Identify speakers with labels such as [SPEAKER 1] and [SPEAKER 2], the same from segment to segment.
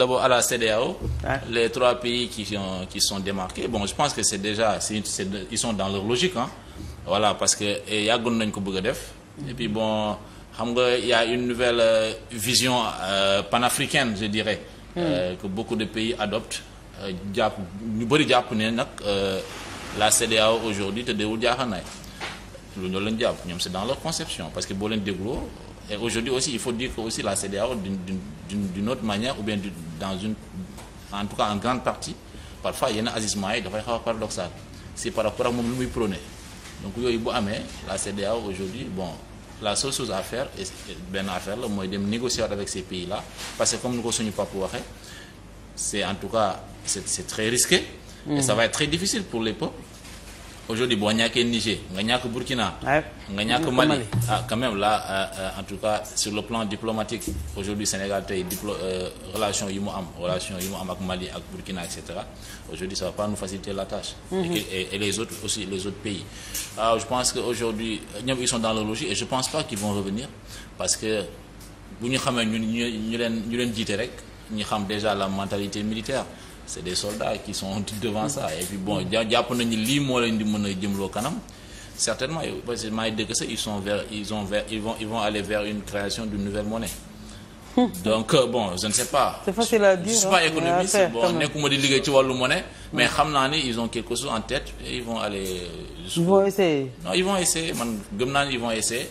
[SPEAKER 1] d'abord à la CEDEAO, ouais. les trois pays qui, ont, qui sont démarqués, bon, je pense que c'est déjà, ils son dans leur logique. Hein. Voilà, parce que yàggoon nañ ko bëgg a def. Et puis bon, xam nga il y a une nouvelle euh, vision euh, panafricaine, je dirais, mm. que beaucoup de pays adopte euh, jàpp ñu bëri jàpp ne nag la CEDEAO aujourd'hui te déwul jaaxanaay lu ñoo leen jàpp ñoom c'est dans leur conception parce que boo leen dégloo Et aujourd'hui il faut dire que aussi la CDAO, d'une autre manière, ou bien dans une, en tout cas en grande partie, parfois il y en a Aziz dafay xaw a paradoxal c'est par rapport ak moom lu muy prôné donc yooyu bu amee la CEDEAO aujourd'hui bon la seule chose à faire et benn affaire la mooy dem négocier avec ces pays là parce que comme ni ko suñu papa waxee c'est en tout cas c'est c'est très risqué et mm. ça va être très difficile pour les peuples aujourd'hui boo ñàkkee Niger nga ñàkk Burkina. nga ñàkk Mali ah quand même là euh, euh, en tout cas sur le plan diplomatique aujourd'hui Sénégal tey diplo euh, relation yi mu am relation yi mu am ak Mali ak Burkina et cetera aujourd'hui ça va pas nous faciliter la tâche. et, mhm. les autres aussi les autres pays. Ah, je pense que aujourd'hui ils sont dans leur logique et je pense pas qu'ils vont revenir parce que bu ñu xamee ñu ñu leen ñu rek ñu xam déjà la mentalité c'est des soldats qui sont devant ça et puis bon jàpp nañu lii moo leen di mën a jëmloo kanam certainement parce que maa ngi dégg sax ils sont vers ils ont vers ils vont ils vont aller vers une création d'une nouvelle monnaie. Hmm. donc euh, bon je ne sais pas. c'est facile à dire je suis pas économiste bon nekkuma di liggéey ci wàllu monnaie. mais xam naa ni ils ont quelque chose en tête et ils vont aller. ils essayer non ils vont essayer.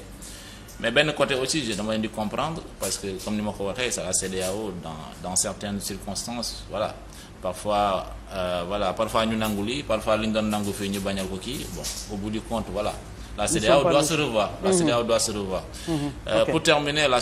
[SPEAKER 1] mais benn côté aussi je dama leen di comprendre parce que comme ni ma ko waxee c'est la CEDEAO dans dans certaines circonstances voilà parfois euh, voilà parfois ñu nangu lii parfois li nga nangu fii ñu bañal ko kii au bout du compte voilà la CEDEAO mhm. doit se revoir la CEDEAO doit se revoir pour terminer la